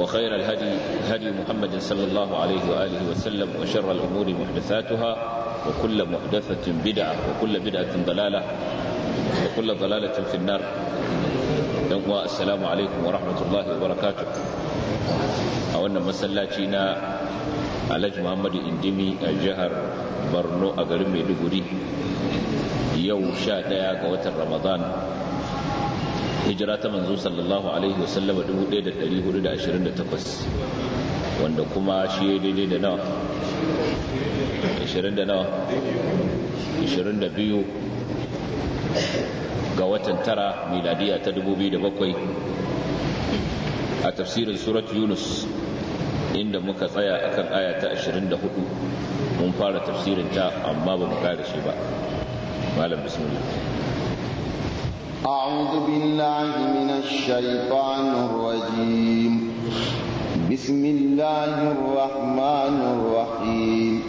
وخير الهدي هدي محمد صلى الله عليه وآله وسلم وشر الأمور محدثاتها وكل محدثة بدعة وكل بدعة ضلالة وكل ضلالة في النار السلام عليكم ورحمة الله وبركاته أولا مسلاتينا على محمد اندمي الجهر برنو اغرمي a يوم Maiduguri yau sha hijira ta manzo sallallahu alaihi wasallam 1428 wanda kuma shi ya daidai da nawa 20 da nawa 22 ga watan tara miladiya ta 2007 a tafsirin surat yunus inda muka tsaya akan aya ta 24 mun fara tafsirin ta amma ba mu kare shi ba malam bismillah أعوذ بالله من الشيطان الرجيم بسم الله الرحمن الرحيم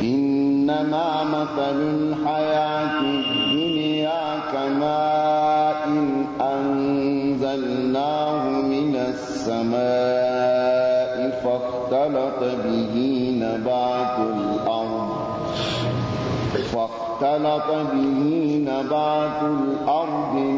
إنما مثل الحياة الدنيا كماء إن أنزلناه من السماء فاختلط به نبات واختلط به نبات الأرض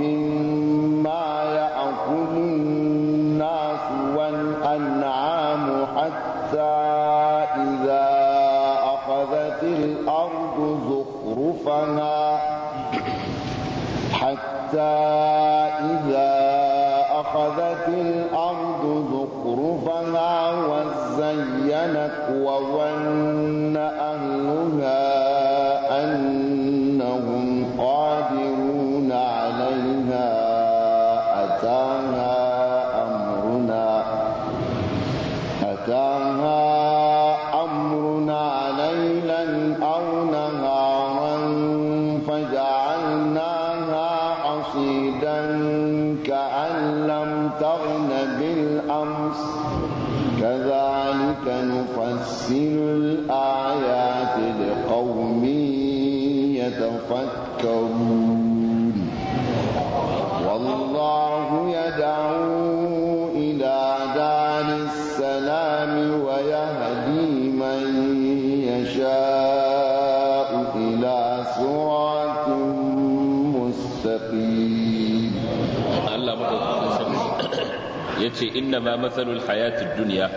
ce inna ma matsalul hayatid duniya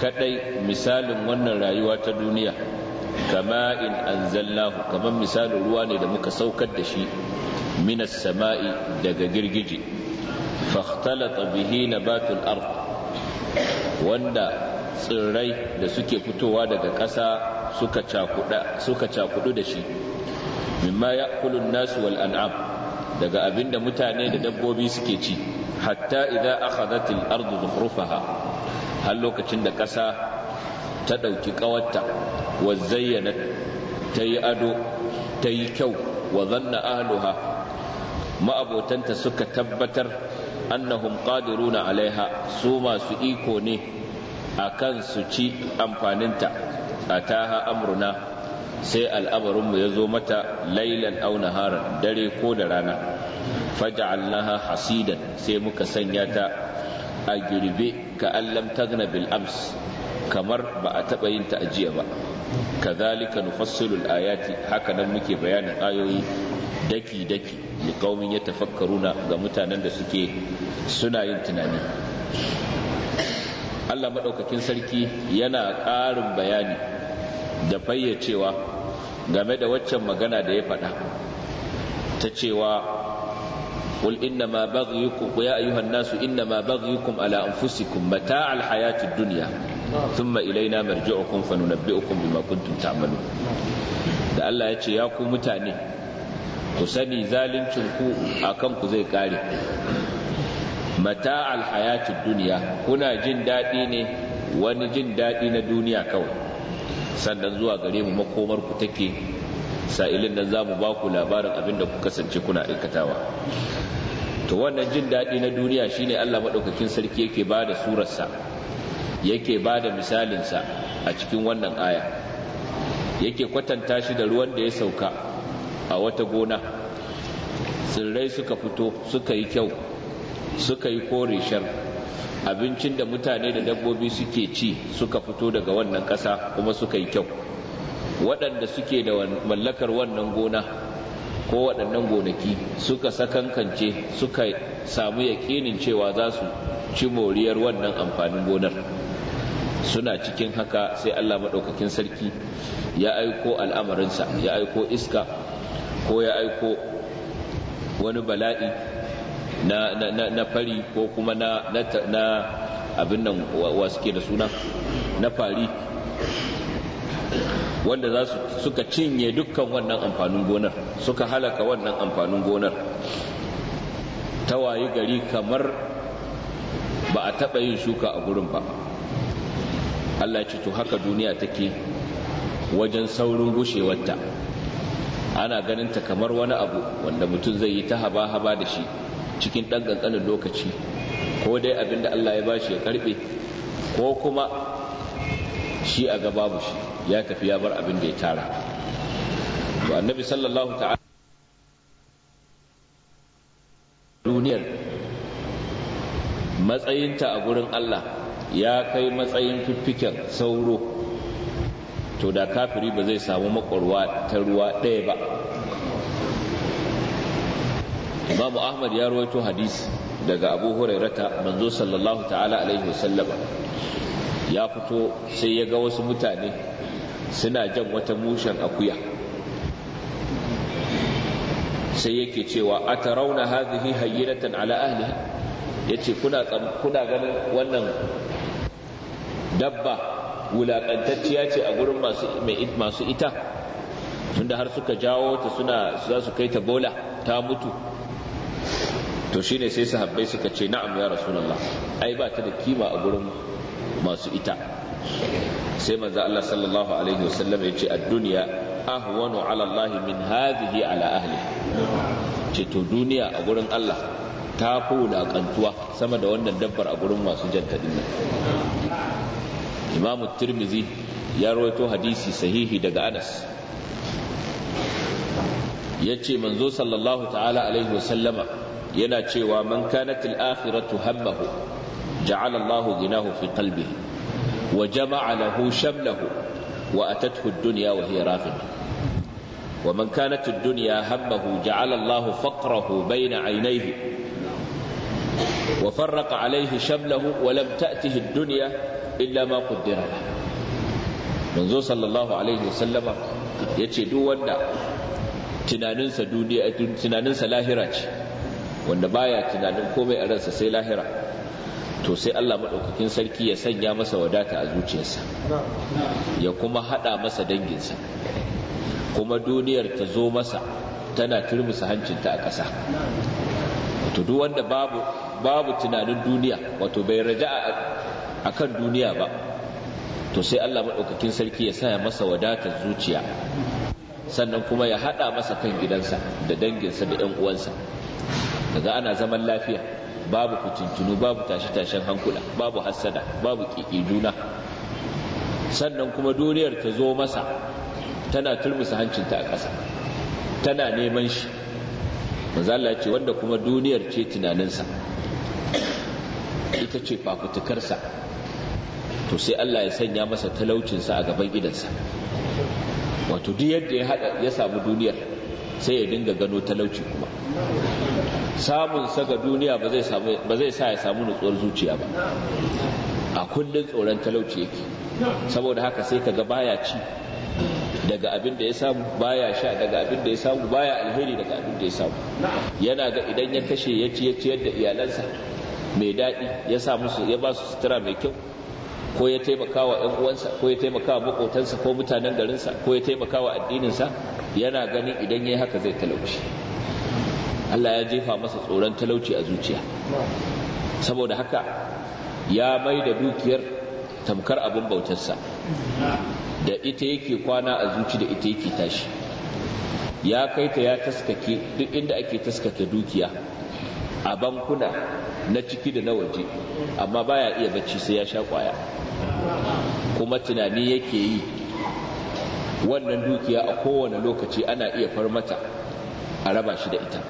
kadai misalin wannan rayuwa ta duniya kama in anzallahu kamar misalin ruwa ne da muka saukar da shi minas sama'i daga girgije fahtalata bihi nabatul ard wanda tsirrai da suke fitowa daga ƙasa suka cakudu da shi mimma ya nasu wal an'am daga abin da mutane da dabbobi suke ci hatta idza akhadhatil ardu zukhrufaha har lokacin da ƙasa ta ɗauki ƙawarta wa zayyana ta yi ado ta yi kyau wa zanna ahluha ma'abotanta suka tabbatar annahum qadiruna alaiha su masu iko ne akan su ci amfaninta ataha amruna sai al'amarinmu ya zo mata lailan au naharan dare ko da rana faj'alnaha hasidan sai muka sanya ta a girbe ka allam tagna bil ams kamar ba a taɓa yin ta ajiya ba kazalika nufassilul ayati haka nan muke bayanin ayoyi daki daki li qaumin yatafakkaruna ga mutanen da suke suna yin tunani Allah madaukakin sarki yana ƙarin bayani da fayyacewa game da waccan magana da ya faɗa ta cewa قل إنما بغيكم يا أيها الناس إنما بغيكم على أنفسكم متاع الحياة الدنيا ثم إلينا مرجعكم فننبئكم بما كنتم تعملون da Allah ya ce ya ku mutane ku sani zalincin ku a kanku zai kare mata alhayatun duniya kuna jin daɗi ne wani jin daɗi na duniya kawai sannan zuwa gare mu makomar ku take sa'ilin nan za mu ba ku labarin abin da ku kasance kuna aikatawa to wannan jin daɗi na duniya shine Allah maɗaukakin sarki yake ba da surarsa yake ba da misalinsa a cikin wannan aya yake kwatanta shi da ruwan da ya sauka a wata gona tsirrai suka fito suka yi kyau suka yi kore shar abincin da mutane da dabbobi suke ci suka fito daga wannan ƙasa kuma suka yi kyau waɗanda suke da mallakar wannan gona ko waɗannan gonaki suka sakankance suka samu yaƙinin cewa za su ci moriyar wannan amfanin gonar suna cikin haka sai Allah maɗaukakin sarki ya aiko al'amarinsa ya aiko iska ko ya aiko wani bala'i na fari ko kuma na abin nan wa suke da suna na fari wanda za su suka cinye dukkan wannan amfanin gonar suka halaka wannan amfanin gonar ta tawaye gari kamar ba a taɓa yin shuka a gurin ba Allah ya ce to haka duniya take wajen saurin gushewarta ana ganin ta kamar wani abu wanda mutum zai yi ta haba-haba da shi cikin ɗan ƙanƙanin lokaci ko dai abin da Allah ya ba shi ya karɓe ko kuma shi a gaba babu shi ya tafi ya bar abin da ya tara to annabi sallallahu ta'ala duniyar matsayinta a gurin Allah ya kai matsayin fiffiken sauro to da kafiri ba zai samu makwarwa ta ruwa ɗaya ba imamu ahmad ya rawaito hadisi daga abu hurairata manzo sallallahu ta'ala alaihi wasallam ya fito sai ya ga wasu mutane suna jan wata mushen akuya sai yake cewa a tarauna hadhihi hayyinatan ala ahli yace kuna kuna ganin wannan dabba wulakantacciya ce a gurin masu ita tunda har suka jawo ta suna za su kai ta bola ta mutu to shine sai sahabbai suka ce na'am ya rasulullah ai ba ta da kima a gurin masu ita sai manzo Allah sallallahu alaihi wasallam ya ce ad-dunya ahwanu ala Allah min hadhihi ala ahli ce to duniya a gurin Allah ta fi wulaƙantuwa sama da wannan dabbar a gurin masu janta din nan imamu tirmizi ya rawaito hadisi sahihi daga anas ya ce manzo sallallahu ta'ala alaihi wasallama yana cewa man kanat al-akhiratu hammahu ja'ala Allahu ginahu fi qalbihi wa jama'a lahu shamlahu wa atathu ad-dunya wa hiya raghibah wa man kanat ad-dunya hammahu ja'ala Allahu faqrahu bayna 'aynayhi وفرق عليه شمله ولم تأته الدنيا إلا ما قدر له منذ صلى الله عليه وسلم يتشدو tunaninsa تناننسا دنيا wanda baya tunanin komai a ransa sai lahira to sai Allah maɗaukakin sarki ya sanya masa wadata a zuciyarsa ya kuma haɗa masa danginsa kuma duniyar ta zo masa tana turmusa hancinta a ƙasa to duk wanda babu babu tunanin duniya wato bai a kan duniya ba to sai Allah maɗaukakin sarki ya sanya masa wadatar zuciya sannan kuma ya haɗa masa kan gidansa da danginsa da 'yan uwansa kaga ana zaman lafiya babu kutuntunu babu tashe-tashen hankula babu hassada babu ƙiƙi juna sannan kuma duniyar ta zo masa tana turmusa hancinta a ƙasa tana neman shi mazala ce wanda kuma duniyar ce tunaninsa ita ce fafutukarsa to sai Allah ya sanya masa talaucinsa a gaban gidansa wato duk yadda ya samu duniyar sai ya dinga gano talauci kuma samun saka duniya ba zai sa ya samu nutsuwar zuciya ba a kullum tsoron talauci yake saboda haka sai ka ga baya ci daga abin da ya samu baya sha daga abin da ya samu baya alheri daga abin da ya samu yana ga idan ya kashe ya ci ya ciyar da iyalansa mai daɗi ya sa musu ya ba su sutura mai kyau ko ya taimaka wa ‘yan uwansa ko ya taimaka wa makotansa ko mutanen garinsa ko ya taimaka wa addininsa yana ganin idan ya yi haka zai talauci Allah ya jefa masa tsoron talauci a zuciya saboda haka ya mai da dukiyar tamkar abin bautarsa da ita yake kwana a zuci da ita yake tashi ya kai ta ya taskake duk inda ake taskake dukiya a bankuna na ciki da na waje amma baya iya bacci sai ya sha kwaya kuma tunani yake yi wannan dukiya a kowane lokaci ana iya far mata a raba shi da ita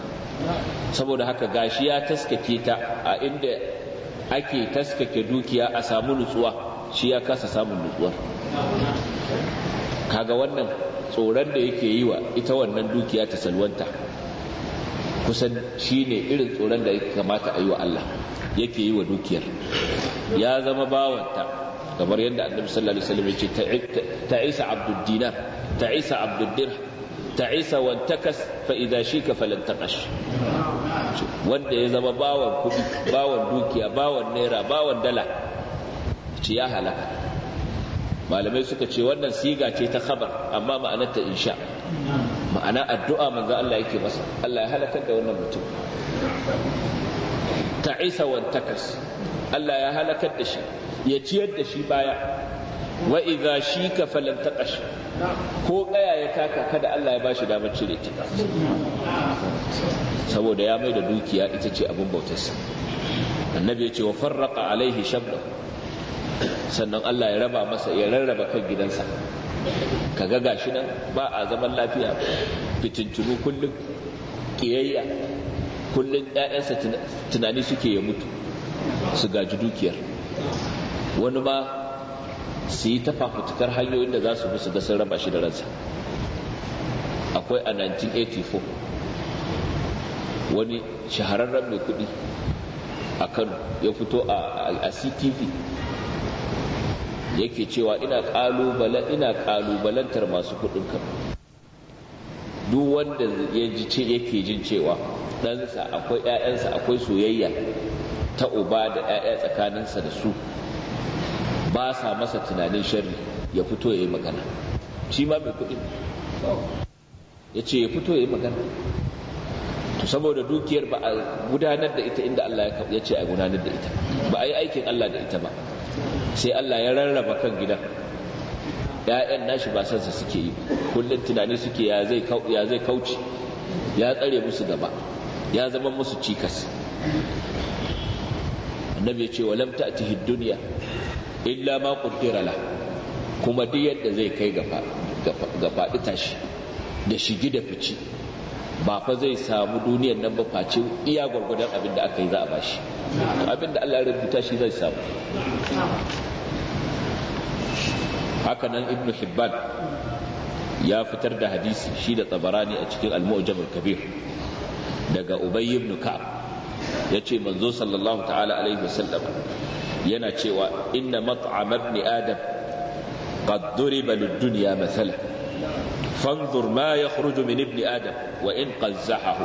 saboda haka gashi ya taskake ta a inda ake taskake dukiya a samu nutsuwa shi ya kasa samun nutsuwar kaga wannan tsoron da yake yi wa ita wannan dukiya ta salwanta kusan shi ne irin tsoron da ya kamata a yi wa Allah yake yi wa dukiyar ya zama bawanta kamar yadda annabi sallallahu alaihi wasallam ya ce ta isa abdul dinar ta isa abdul ta'isa wa takas fa idza wanda ya zama bawan kudi bawan dukiya bawan naira bawan dala ce ya halaka malamai suka ce wannan siga ce ta khabar amma ma'anarta insha ma'ana addu'a manzo Allah yake masa Allah ya halakar wannan mutum ta'isa wa Allah ya halakar shi ya ciyar da shi baya ko kaya ya taka kada Allah ya ba shi damar cire ta saboda ya mai da dukiya ita ce abin bautarsa annabi ya ce wa farraka alaihi shabda sannan Allah ya raba masa ya rarraba kan gidansa ka ga gashi nan ba a zaman lafiya fitintunu kullum kiyayya kullum ‘ya'yansa tunani suke ya mutu su gaji dukiyar wani ma su yi tafa hanyoyin da za su bi su ga sun raba shi da ransa akwai a 1984 wani shahararren mai kudi a kano ya fito a ctv yake cewa ina ƙalubalantar kalubalantar masu kudin kano duk wanda ya ji yake jin cewa ɗansa akwai 'ya'yansa akwai soyayya ta uba da 'ya'ya tsakaninsa da su ba sa masa tunanin shari ya fito ya yi magana shi ma mai kuɗi ya ce ya fito ya yi magana to saboda dukiyar ba a gudanar da ita inda Allah ya ce a gudanar da ita ba a yi aikin Allah da ita ba sai Allah ya rarraba kan gidan ‘ya'yan nashi ba sansa suke yi kullum tunani suke ya zai kauce ya tsare musu gaba ya zama musu cikas annabi ya ce walam ta'tihi dunya illa ma qaddara la kuma duk yadda zai kai ga faɗi tashi da shigi da fici ba fa zai samu duniyar nan ba face iya gwargwadon abin da aka yi za a bashi abin da Allah ya rubuta shi zai samu haka nan ibnu hibban ya fitar da hadisi shi da tsabarani a cikin al-mu'jam al-kabir daga ubay ibn ka'ab yace manzo sallallahu ta'ala alaihi wasallam yana cewa inna mat'am ibn adam qad duriba lid-dunya mathalan fanzur ma yakhruju min ibn adam wa in qazzahahu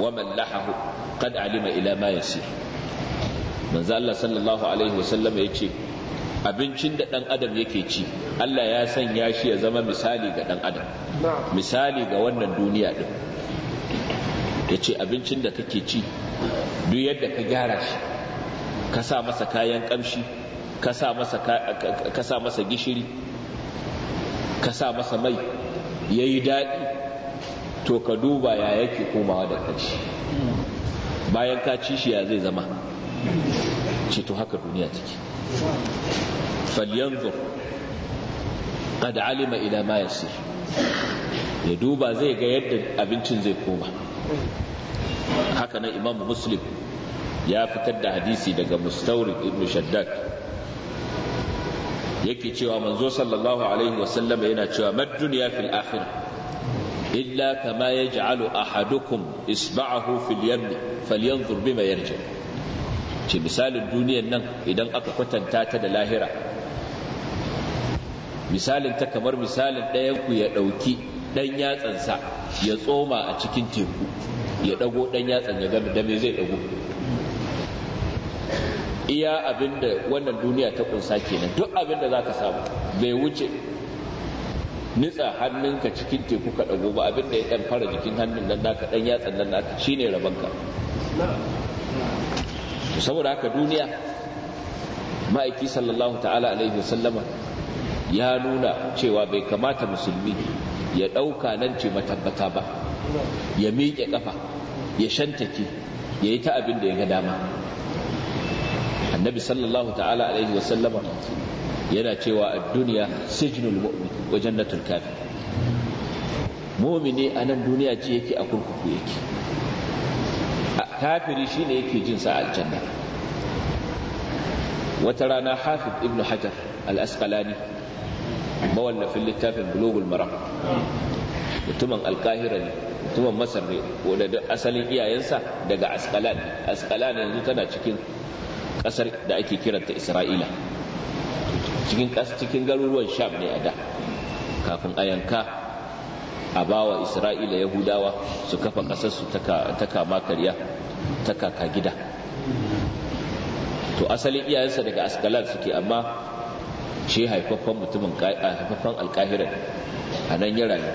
wa mallahahu qad alima ila ma yasir manzo Allah sallallahu alaihi wasallam yace abincin da ɗan adam yake ci Allah ya sanya shi ya zama misali ga ɗan adam misali ga wannan duniya ɗin ya ce abincin da kake ci duk yadda ka gyara shi ka sa masa kayan ƙamshi ka sa masa gishiri ka sa masa mai ya yi daɗi to ka duba ya yake komawa da ƙarshe bayan ka ci shi ya zai zama ce to haka duniya take falyanzur qad alima ila ma yasir ya duba zai ga yadda abincin zai koma haka nan imamu muslim ya fitar da hadisi daga mustaurid ibn shaddad yake cewa manzo sallallahu alaihi wasallam yana cewa mad duniya fil akhir illa kama yaj'alu ahadukum isba'ahu fil yamni falyanzur bima yarji ce misalin duniyar nan idan aka kwatanta ta da lahira misalin ta kamar misalin ɗayan ku ya ɗauki ɗan yatsansa ya tsoma a cikin teku ya ɗago ɗan yatsan ya gami da me zai ɗago iya abinda wannan duniya ta kunsa kenan duk abin da za ka samu bai wuce nitsa hannunka cikin teku ka ɗago ba abinda da ya ɗan fara jikin hannun nan naka ɗan yatsan nan naka shine rabanka saboda haka duniya ma'aiki sallallahu ta'ala alaihi wasallama ya nuna cewa bai kamata musulmi ya ɗauka nan ce matabbata ba ya miƙe ƙafa ya shantake ya yi ta abin da ya ga dama annabi sallallahu ta'ala alaihi wa sallama yana cewa a duniya sijnul mu'min wa jannatul kafir mu'mini a nan duniya ce yake a kurkuku yake kafiri shine yake jin sa aljanna wata rana hafiz ibnu hajar al-asqalani mawallafin littafin bulugul maram mutumin alkahira ne mutumin masar ne wanda asalin iyayensa daga asqalan asqalan yanzu tana cikin Kasar da ake kiranta isra'ila cikin cikin garuruwan sham ne a da kafin a yanka a bawa isra'ila yahudawa su kafa kasarsu ta kama karya ta kaka gida to asalin iyayensa daga askalan suke amma shi haifaffen mutumin haifaffen alkahirar a nan ya rayu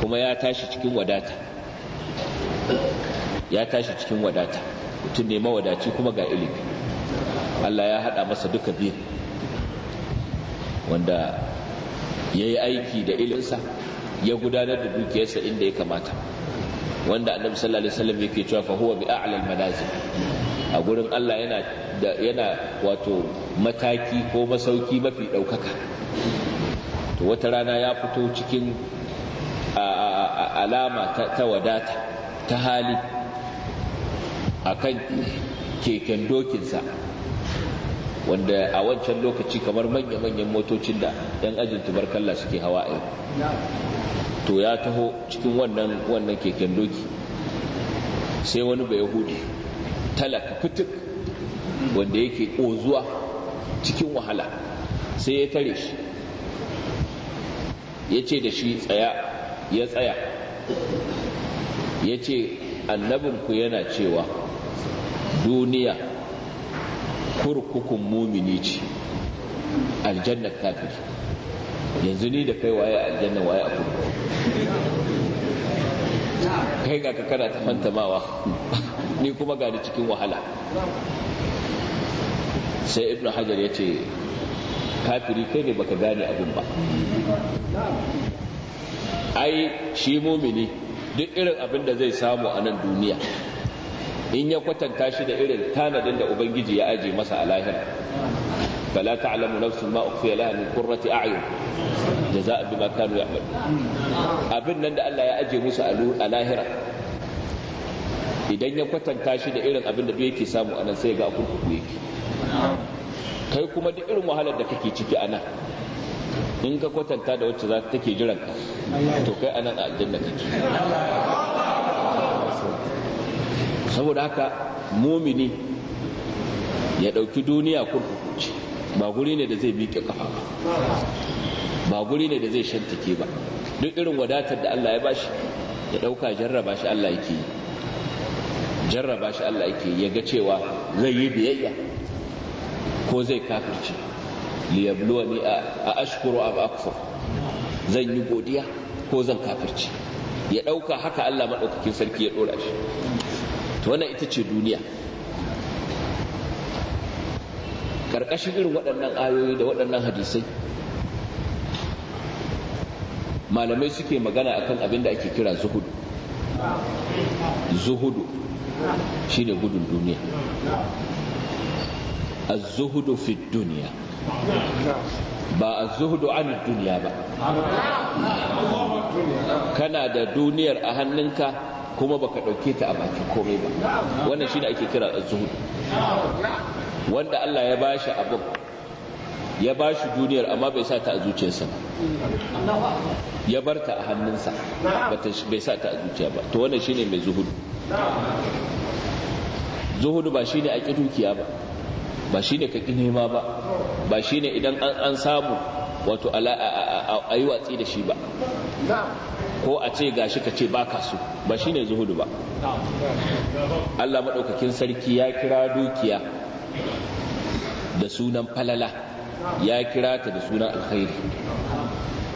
kuma ya tashi cikin wadata ya tashi cikin wadata mutum ne mawadaci kuma ga ilimi Allah ya haɗa masa duka biyu wanda ya yi aiki da ilinsa ya gudanar da dukiyarsa inda ya kamata wanda annabi sallallahu alaihi wasallam yake cewa fa huwa bi a'lal manazil a gurin Allah yana yana wato mataki ko masauki mafi ɗaukaka to wata rana ya fito cikin alama ta wadata ta hali akan keken dokinsa wanda a wancan lokaci kamar manya-manyan motocin da 'yan ajin tubarkalla suke hawa a to ya taho cikin wannan wannan keken doki sai wani bai hudu talaka fitik wanda yake ƙozuwa cikin wahala sai ya tare shi ya ce da shi tsaya ya tsaya ya ce annabinku yana cewa duniya kurkukun mumini ce aljannar kafir yanzu ni da kai waye aljanna waye a kai ga ka kana ta fantamawa ni kuma gani cikin wahala sai Ibn hajar ya ce kafiri kai ne baka gane abin ba ai shi mumini duk irin abin da zai samu a nan duniya in ya kwatanta shi da irin tanadin da ubangiji ya aje masa a lahira فلا تعلم نفس ما أخفي لها من قرة أعين جزاء بما كانوا يعملون أبن نند ألا يأجي موسى الاهرة idan ya kwatanta shi da irin abin da yake samu anan sai ga abin da yake kai kuma duk irin wahalar da kake ciki anan in ka kwatanta da wacce za ta take jiran ka to kai anan a aljanna kake saboda haka mumini ya ɗauki duniya kurkuku ce ba guri ne da zai miƙe kafa ba ba guri ne da zai shantake ba duk irin wadatar da Allah ya bashi ya ɗauka jarraba shi Allah yake yi jarraba shi Allah yake ya ga cewa zai yi biyayya ko zai kafirce liyabluwa ni a ashkuru am akfur zan yi godiya ko zan kafirce ya ɗauka haka Allah maɗaukakin sarki ya ɗora shi to wannan ita ce duniya karkashin irin waɗannan ayoyi da waɗannan hadisai malamai suke magana akan abin da ake kira zuhudu zuhudu shine gudun duniya az-zuhudu fi duniya ba az-zuhudu an duniya ba kana da duniyar a hannunka kuma baka ɗauke ta a bakin komai ba wannan shine ake kira zuhud wanda Allah ya bashi abin ya bashi duniyar amma bai sa ta a zuciyarsa ba ya bar ta a hannunsa bai sa ta a zuciya ba to wannan shine mai zuhudu zuhudu ba shine a ƙi dukiya ba ba shine ka ƙi nema ba ba shine idan an samu wato a yi watsi da shi ba ko a ce gashi ka ce baka so ba shine zuhudu ba Allah maɗaukakin sarki ya kira dukiya da sunan falala ya kira ta da sunan alkhairi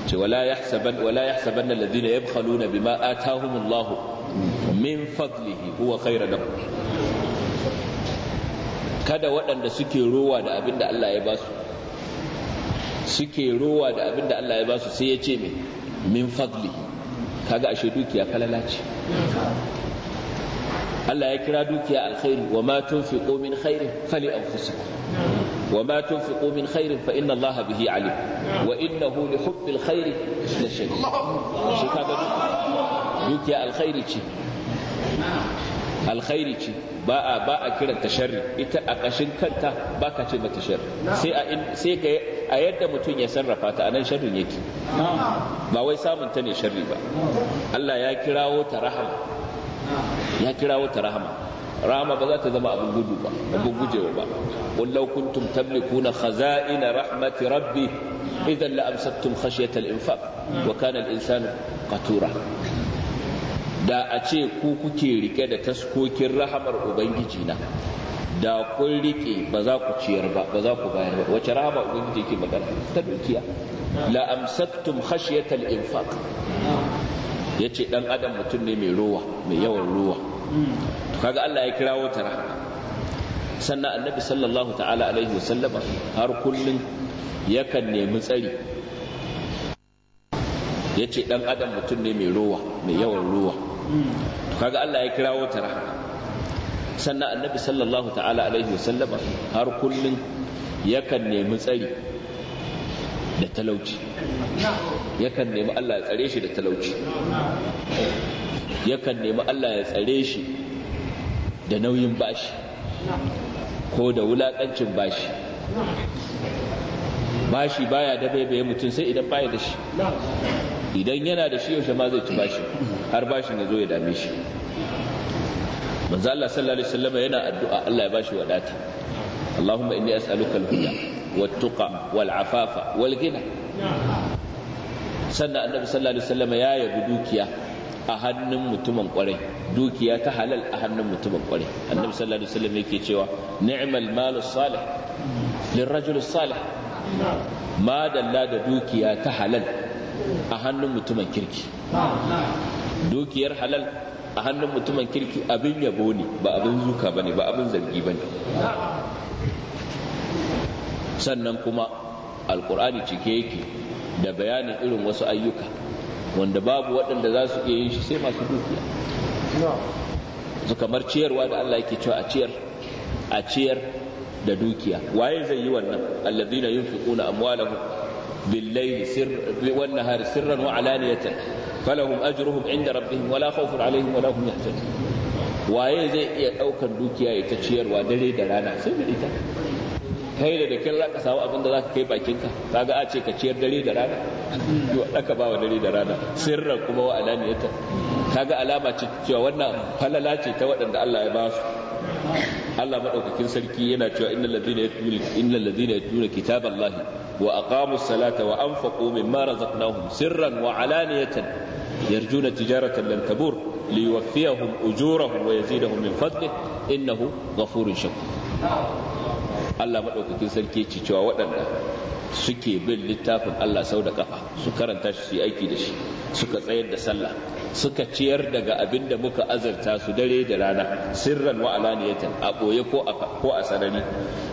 ce wala yahsaban wala Ladina alladhina yabkhaluna bima atahumullahu min fadlihi huwa khaira da kada waɗanda suke rowa da abin da Allah ya ba su suke rowa da abin da Allah ya ba su sai ya ce min min fadlihi kaga ashe dukiya falala ce Allah ya kira dukiya alkhairi wa ma tunfiqu min khairin fali anfusikum wa ma tunfiqu min khairin fa inna Allah bihi alim wa innahu li hubbil khairi la shadid shi kaga dukiya alkhairi ce alkhairi ce ba a ba a kiranta sharri ita a kashin kanta ba ka ce mata sharri sai a sai a yadda mutum ya sarrafa ta anan sharrin yake ba wai samun ta ne sharri ba Allah ya kirawo ta rahama ya kirawo ta rahama rahama ba za ta zama abin gudu ba abin gujewa ba qul law kuntum tamlikuna rahmati rabbi idan la amsaktum khashyata al-infaq wa kana al-insanu qatura da a ce ku kuke rike da taskokin rahamar ubangiji na da kun rike ba za ku ciyar ba ba za ku bayar ba wace rahama ubangiji ke magana ta dukiya la amsaktum khashyatal infaq yace dan adam mutum ne mai rowa mai yawan rowa to kaga Allah ya kirawo wata rahama sannan annabi sallallahu ta'ala alaihi wasallama har kullun yakan nemi tsari ya ce ɗan adam mutum ne mai rowa mai yawan rowa kaga Allah ya kirawo ta sannan annabi sallallahu ta'ala alaihi wasallama har kullum yakan nemi tsari da talauci yakan nemi Allah ya tsare shi da talauci yakan nemi Allah ya tsare shi da nauyin bashi ko da wulaƙancin bashi bashi baya da baibaye mutum sai idan baya da shi idan yana da shi yaushe ma zai ci bashi har bashin ya zo ya dame shi manzo Allah sallallahu alaihi wasallam yana addu'a Allah ya bashi wadata Allahumma inni as'aluka al-huda wat-tuqa wal-afafa wal-ghina sannan annabi sallallahu alaihi wasallam ya yabi dukiya a hannun mutumin kwarai dukiya ta halal a hannun mutumin kwarai annabi sallallahu alaihi wasallam yake cewa ni'mal malu salih lirrajul salih madalla da dukiya ta halal a hannun mutumin kirki dukiyar halal a hannun mutumin kirki abin yabo ne ba abin zuka ba ne ba abin zargi ba ne sannan kuma alkur'ani cike yake da bayanin irin wasu ayyuka wanda babu waɗanda za su iya yin shi sai masu dukiya su kamar ciyarwa da allah yake cewa a ciyar a ciyar da dukiya waye zai yi wannan alladhina yunfiquna amwalahum waye zai iya dukiya ya ta ciyarwa dare da rana sai da ita kai da da za ka abin da kaga a ce ka ciyar dare da rana ba wa dare da rana kuma wa kaga alama ce cewa wannan falala ce ta waɗanda Allah ya ba su Allah maɗaukakin sarki yana cewa innal ladhina yatluna innal ladhina yatluna kitaballahi wa aqamus salata wa anfaqu mimma razaqnahum sirran wa alaniyatan yarjuna tijaratan lan tabur liyuwaffiyahum ujurahum wa yazidahum min fadlih innahu ghafurun shakur Allah madaukakin sarki ce cewa waɗanda suke bin littafin Allah sau da kafa su karanta shi su aiki da shi suka tsayar da sallah suka ciyar daga abin da muka azarta su dare da rana sirran wa alaniyatan a boye ko a sarari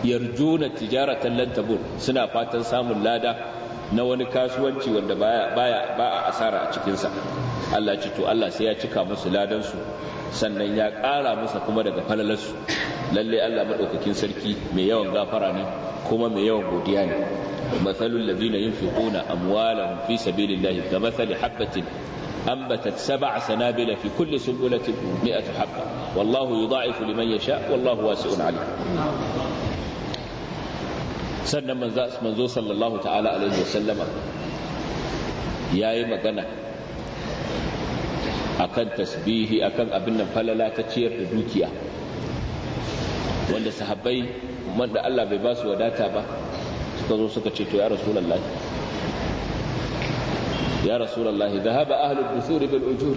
yarjuna tijaratan Lantabur suna fatan samun lada na wani kasuwanci wanda baya baya ba a asara a cikin sa Allah ce to Allah sai ya cika musu ladan su sannan ya ƙara masa kuma daga su lalle Allah maɗaukakin sarki mai yawan gafara ne kuma mai yawan godiya ne matsalul ladina yunfiquna amwalahum fi sabilillahi kamathali habatin أنبتت سبع سنابل في كل سنبلة مئة حبة والله يضاعف لمن يشاء والله واسع عليم سنة من منزو صلى الله تعالى عليه وسلم يا إما إيه مغنى أكن تسبيه أكن أبن فلا لا تشير دوكيا وأن sahabbai wanda Allah بباس ba su wadata ba يا رسول الله ya رسول الله ذهب أهل الدثور بالأجور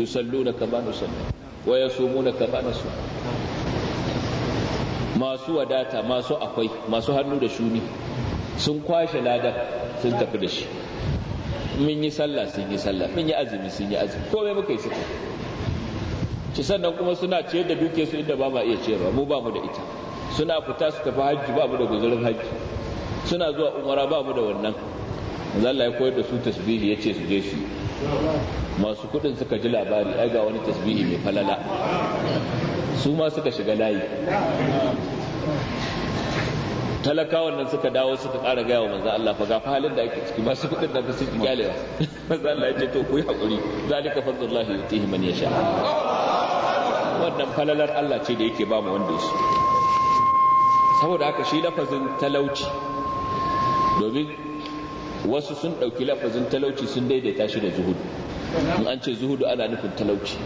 yusalluna كما nusalli wa كما kama ما masu wadata masu akwai masu hannu da shuni sun kwashe ladan sun tafi da shi mun yi sallah sun yi sallah mun yi azumi sun sannan kuma suna ciyar da duke su inda ba ma iya ciyarwa mu ba mu da ita suna fita su tafi hajji ba mu da guzurin hajji suna zuwa umara ba mu da wannan manzo Allah ya koyar da su tasbihi ya ce su je su masu kudin suka ji labari ai ga wani tasbihi mai falala su ma suka shiga layi talakawan nan suka dawo suka ƙara gaya wa manzo Allah fa ga halin da ake ciki masu kuɗin da ba su gale ba manzo Allah ya ce to ku yi hakuri zalika fadlullahi yutihi man yasha wannan falalar Allah ce da yake ba mu wanda shi saboda haka shi lafazin talauci domin wasu sun ɗauki lafazin talauci sun daidaita shi da zuhudu in an ce zuhudu ana nufin talauci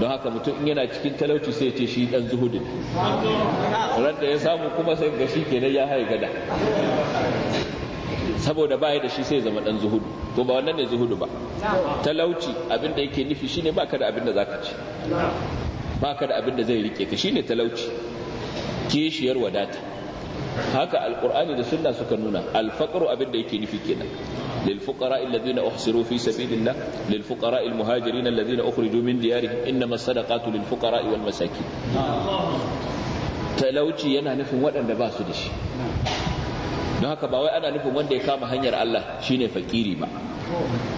don haka mutum in yana cikin talauci sai ce shi dan zuhudu ran da ya samu kuma sai ga shi kenan ya haye gada saboda baya da shi sai zama dan zuhudu to ba wannan ne zuhudu ba talauci abin da yake nufi shine baka da abin da zaka ci baka da abin da zai rike ka shine talauci kishiyar wadata haka al'kur'ani da sunna suka nuna alfaqru abin da yake nufi kenan للفقراء الذين أحصروا في سبيل الله للفقراء المهاجرين الذين أخرجوا من ديارهم إنما الصدقات للفقراء والمساكين talauci yana nufin waɗanda ba su da shi don haka ba wai ana nufin wanda ya kama hanyar Allah shine fakiri ba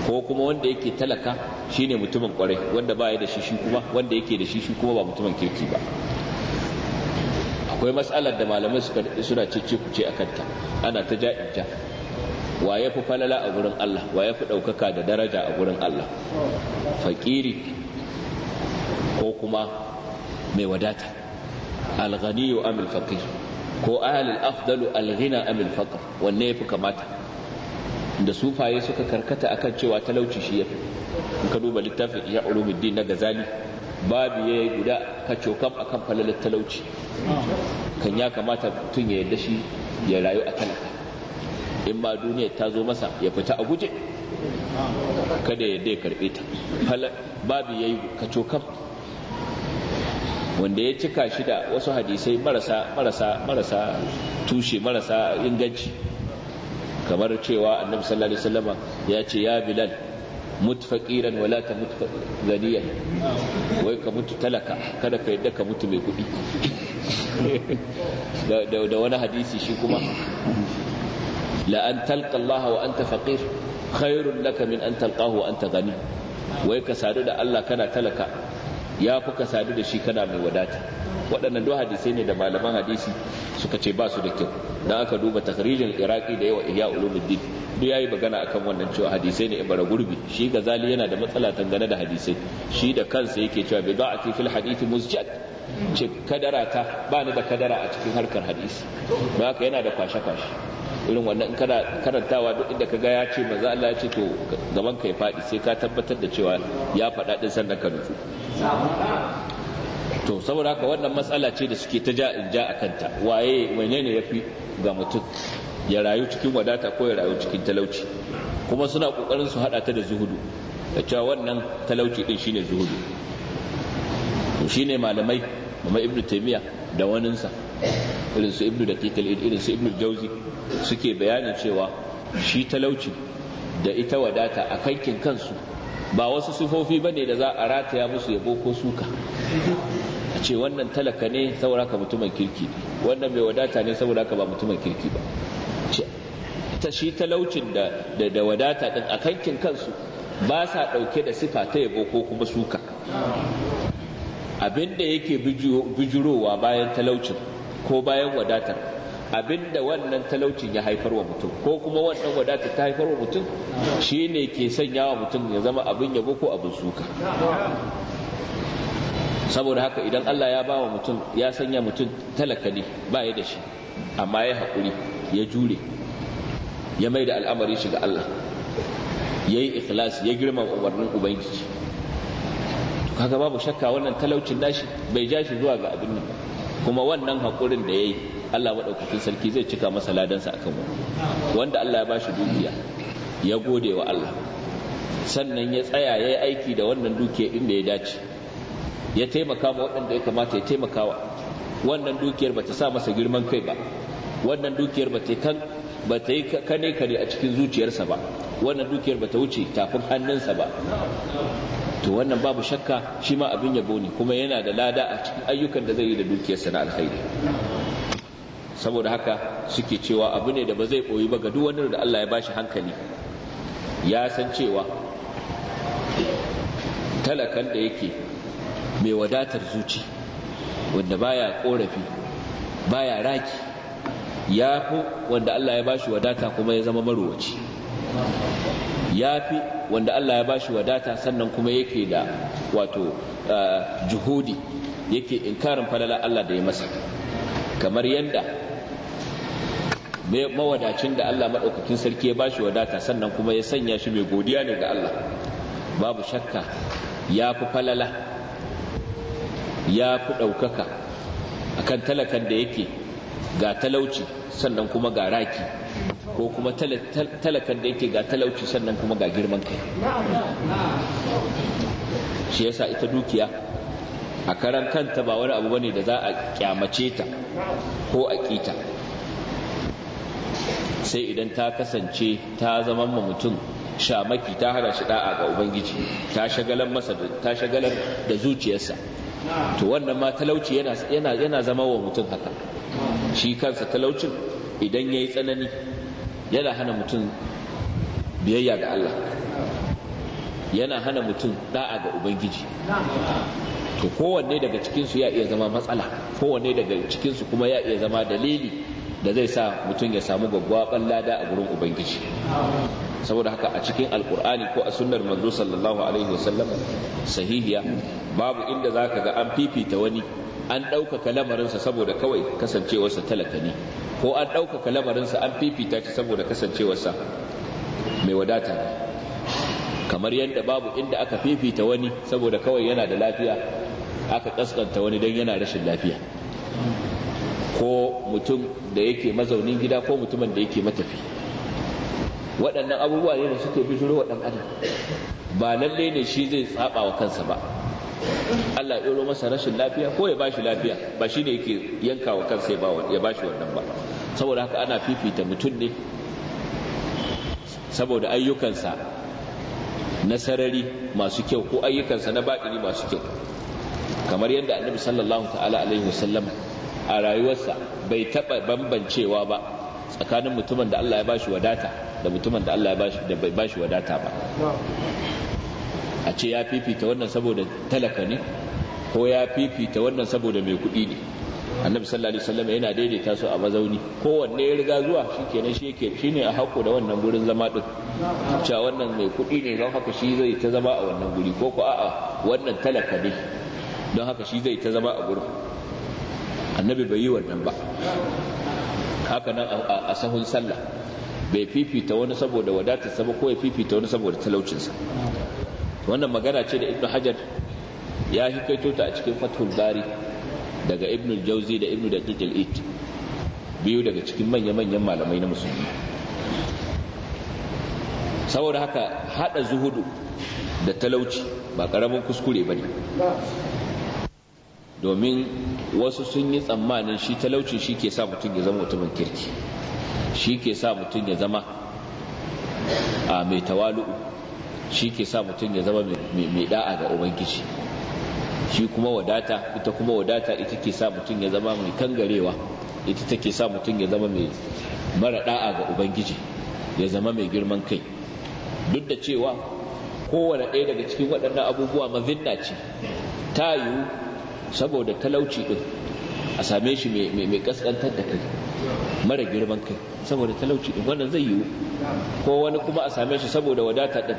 ko kuma wanda yake talaka shine mutumin kwarai wanda ba ya da shi shi kuma wanda yake da shi shi kuma ba mutumin kirki ba akwai matsalar da malamai suka suna cece ce a kanta ana ta ja'inta wa ya fi falala a gurin Allah wa ya fi ɗaukaka da daraja a gurin Allah Faƙiri ko kuma mai wadata alghaniyu amil faqir ko ahlul afdalu alghina amil faqr wanne yafi kamata da sufaye suka karkata akan cewa talauci shi yafi in ka duba littafin ya ulumuddin na gazali babu ya guda ka cokam a kan falalar talauci kan ya kamata mutum ya yarda shi ya rayu a talaka in ma duniya ta zo masa ya fita a guje kada ya ya karbe ta babu ya yi ka cokam wanda ya cika shi da wasu hadisai marasa marasa marasa tushe marasa inganci kamar cewa annabi sallallahu alaihi wasallama ya ce ya bilal mutu faƙiran wala ta mut ganiyan wai ka mutu talaka kada ka yadda ka mutu mai kuɗi da wani hadisi shi kuma la an talqa Allah wa anta faqir khairun laka min an talqahu wa anta gani wai ka sadu da Allah kana talaka ya fi ka sadu da shi kana mai wadata waɗannan duk hadisai ne da malaman hadisi suka ce ba su da kyau don aka duba takririn iraqi da yawa ihya ulumuddin duk yayi magana akan wannan cewa hadisai ne ibara gurbi shi gazali yana da matsala dangane da hadisai shi da kansa yake cewa bi da'ati fil hadithi musjad ce kadara ta ba ni da kadara a cikin harkar hadisi ba haka yana da kwashe kwashe irin wannan in kana karantawa duk inda kaga ya ce manzo Allah ya ce to gaban ka ya faɗi sai ka tabbatar da cewa ya faɗa din sannan ka rufe to saboda haka wannan matsala ce da suke ta ja in ja a kanta waye menene yafi ga mutum ya rayu cikin wadata ko ya rayu cikin talauci kuma suna kokarin su hada ta da zuhudu da cewa wannan talauci din shine zuhudu to shine malamai kuma ibnu taymiya da waninsa irin su ibnu daqiq irin su ibnu jauzi suke bayanin cewa shi talauci da ita wadata a kankin kansu ba wasu sufofi ba ne da za a rataya musu yabo ko suka a ce wannan talaka ne saboda ka mutumin kirki wannan mai wadata ne saboda ka ba mutumin kirki ba ta shi talaucin da wadata din a kankin kansu ba sa ɗauke da sifa ta yabo ko kuma suka abinda yake bijirowa bayan talaucin ko bayan wadatar abinda wannan talaucin ya haifar wa mutum ko kuma wannan wadata ta haifar wa mutum shi ne ke sanya wa mutum ya zama abin yabo ko abin suka saboda haka idan Allah ya ba wa mutum ya sanya mutum talaka ne ba ya da shi amma ya haƙuri ya jure ya mai da al'amari shiga Allah ya yi ikhlas ya girma umarnin ubangiji kaga babu shakka wannan talaucin nashi bai jashi zuwa ga abin nan kuma wannan haƙurin da ya yi Allah maɗaukakin sarki zai cika masa ladansa akan wani wanda Allah ya bashi dukiya ya gode wa Allah sannan ya tsaya ya yi aiki da wannan dukiya inda ya dace ya taimaka ma waɗanda ya kamata ya taimaka wannan dukiyar ba ta sa masa girman kai ba wannan dukiyar ba ta kan ba ta yi kane kane a cikin zuciyarsa ba wannan dukiyar ba ta wuce tafin hannunsa ba to wannan babu shakka shi ma abin yabo ne kuma yana da lada a cikin ayyukan da zai yi da dukiyarsa na alkhairi saboda haka suke cewa abu ne da ba zai ɓoyi ba ga duk wani da Allah ya bashi hankali ya san cewa talakan da yake mai wadatar zuci wanda baya korafi baya raki ya fi wanda Allah ya bashi wadata kuma ya zama marowaci ya fi wanda Allah ya bashi wadata sannan kuma yake da wato eh, juhudi yake inkarin falala Allah da ya masa kamar yadda mawadacin da Allah maɗaukakin sarki ya ba bashi wadata sannan kuma ya sanya shi mai godiya ne ga Allah babu shakka ya fi falala ya fi ɗaukaka a kan talakan da yake ga talauci sannan kuma ga raki ko kuma talakan da yake ga talauci sannan kuma ga girman kai shi yasa ita dukiya a karan kanta ba wani abu bane da za a kyamace ta ko a kita sai idan ta kasance ta zama ma mutum shamaki ta hada shi da'a ga ubangiji ta shagalar masa ta shagalar da zuciyarsa to wannan ma talauci yana yana yana zama wa mutum haka shi kansa talaucin idan yayi tsanani yana hana mutum biyayya ga Allah yana hana mutum da'a ga ubangiji to kowanne daga cikinsu ya iya zama matsala kowanne daga cikinsu kuma ya iya zama dalili da zai sa mutum ya samu gwaggwaban lada a gurin ubangiji saboda haka a cikin alkur'ani ko a sunnar manzo sallallahu alaihi wasallam sahihiya babu inda zaka ga an fifita wani an ɗaukaka lamarinsa saboda kawai kasancewarsa talaka ne ko an ɗaukaka lamarinsa an fifita shi saboda kasancewarsa mai wadata kamar yadda babu inda aka fifita wani saboda kawai yana da lafiya aka kaskanta wani don yana rashin lafiya ko mutum da yake mazaunin gida ko mutumin da yake matafi waɗannan abubuwa ne da suke bishiro wa ɗan adam ba lalle ne shi zai tsaba wa kansa ba Allah ya ɗoro masa rashin lafiya ko ya bashi lafiya ba shi ne yake yanka wa kansa ya bashi wannan ba saboda haka ana fifita mutum ne saboda ayyukansa na sarari masu kyau ko ayyukansa na baɗini masu kyau kamar yadda annabi sallallahu ta'ala alaihi wasallam a rayuwarsa bai taɓa bambancewa ba tsakanin mutumin da Allah ya bashi wadata da mutumin da Allah ya bai bashi wadata ba a ce ya fifita wannan saboda talaka ne ko ya fifita wannan saboda mai kuɗi ne annabi sallallahu alaihi wasallam yana daidaita su a mazauni kowanne ya riga zuwa shikenan shi yake shine a hako da wannan gurin zama din cewa wannan mai kuɗi ne don haka shi zai ta zama a wannan guri ko ko a'a wannan talaka ne don haka shi zai ta zama a gurin annabi bai yi wannan ba haka nan a sahun sallah bai fifita wani saboda wadatarsa ba ko ya fifita wani saboda talaucinsa wannan magana ce da ibnu hajar ya hikaito ta a cikin fathul bari daga ibnu jauzi da ibnu daqiq it biyu daga cikin manya-manyan malamai na musulmi saboda haka hada zuhudu da talauci ba karamin kuskure ba ne domin wasu sun yi tsammanin shi talauci shi ke sa mutum ya zama mutumin kirki shi ke sa mutum ya zama a mai tawalu'u shi ke sa mutum ya zama mai da'a ga ubangiji shi kuma wadata ita kuma wadata ita ke sa mutum ya zama mai kangarewa ita take sa mutum ya zama mai mara da'a ga ubangiji ya zama mai girman kai duk da cewa kowane ɗaya daga cikin waɗannan abubuwa mazinna ce ta yiwu saboda talauci din a same shi mai kaskantar da kai mara girman kai saboda talauci din wannan zai yiwu ko wani kuma a same shi saboda wadata din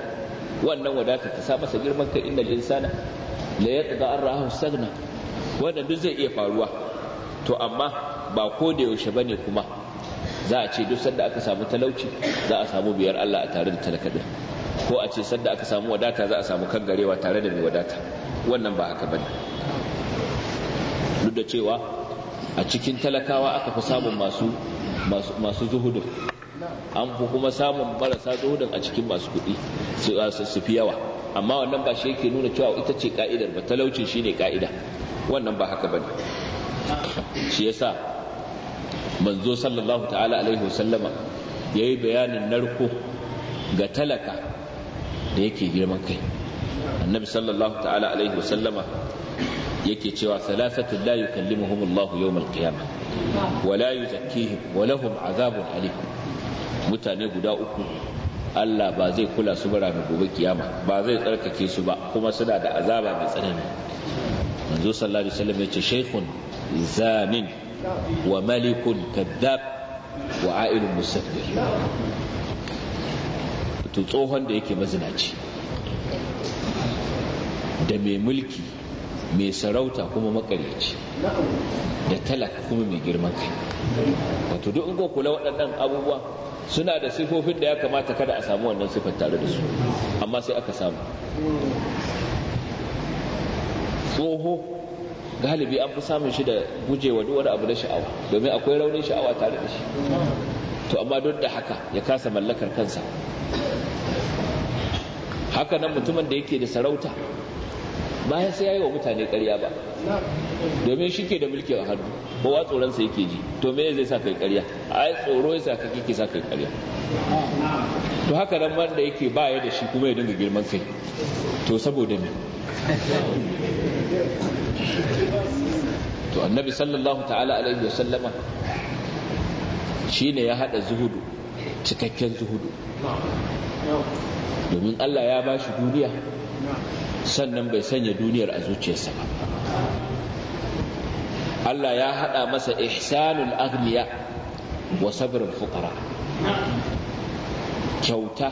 wannan wadata ta sa masa girman kai inda ya la an arrahu sagna wannan duk zai iya faruwa to amma ba ko da yaushe bane kuma za a ce duk sanda aka samu talauci za a samu biyar Allah a tare da talaka din ko a ce sanda aka samu wadata za a samu kan garewa tare da mai wadata wannan ba haka bane duk da cewa a cikin talakawa aka fi samun masu masu zuhudin an fi kuma samun marasa zuhudin a cikin masu kuɗi su fi yawa amma wannan ba shi yake nuna cewa ita ce ka'idar ba talaucin shi ne ka'ida wannan ba haka bane shi yasa manzo sallallahu ta'ala alaihi wasallama ya yi bayanin narko ga talaka da yake girman kai annabi sallallahu ta'ala alaihi wasallama yake cewa salasatu la yukallimuhum Allahu yawmal qiyamah wa la yuzakkihim wa lahum azabun alim mutane guda uku Allah ba zai kula su bara na gobe kiyama ba zai tsarkake su ba kuma suna da azaba mai tsanani manzo sallallahu alaihi wasallam yace shaykhun zanin wa malikun kadhab wa a'ilun mustakbir to tsohon da yake mazinaci da mai mulki mai sarauta kuma makaryaci da talaka kuma mai girman kai wato duk in kula waɗannan abubuwa suna da sifofin da ya kamata kada a samu wannan sifar tare da su amma sai aka samu tsoho galibi an fi samun shi da gujewa duk wani abu na sha'awa domin akwai raunin sha'awa tare da shi to amma duk da haka ya kasa mallakar kansa haka nan mutumin da yake da sarauta bayan sai ya yi wa mutane ƙarya ba domin shi ke da mulki a hannu kowa tsoronsa yake ji to me zai sa kai ƙarya yi tsoro ya sa kai ke sa kai ƙarya to haka nan wanda yake baya da shi kuma ya dinga girman kai to saboda me to annabi sallallahu ta'ala alaihi wasallama shine ya hada zuhudu cikakken zuhudu domin Allah ya ba shi duniya sannan bai sanya duniyar a zuciyarsa ba Allah ya haɗa masa ihsanul aghniya wa sabrul kyauta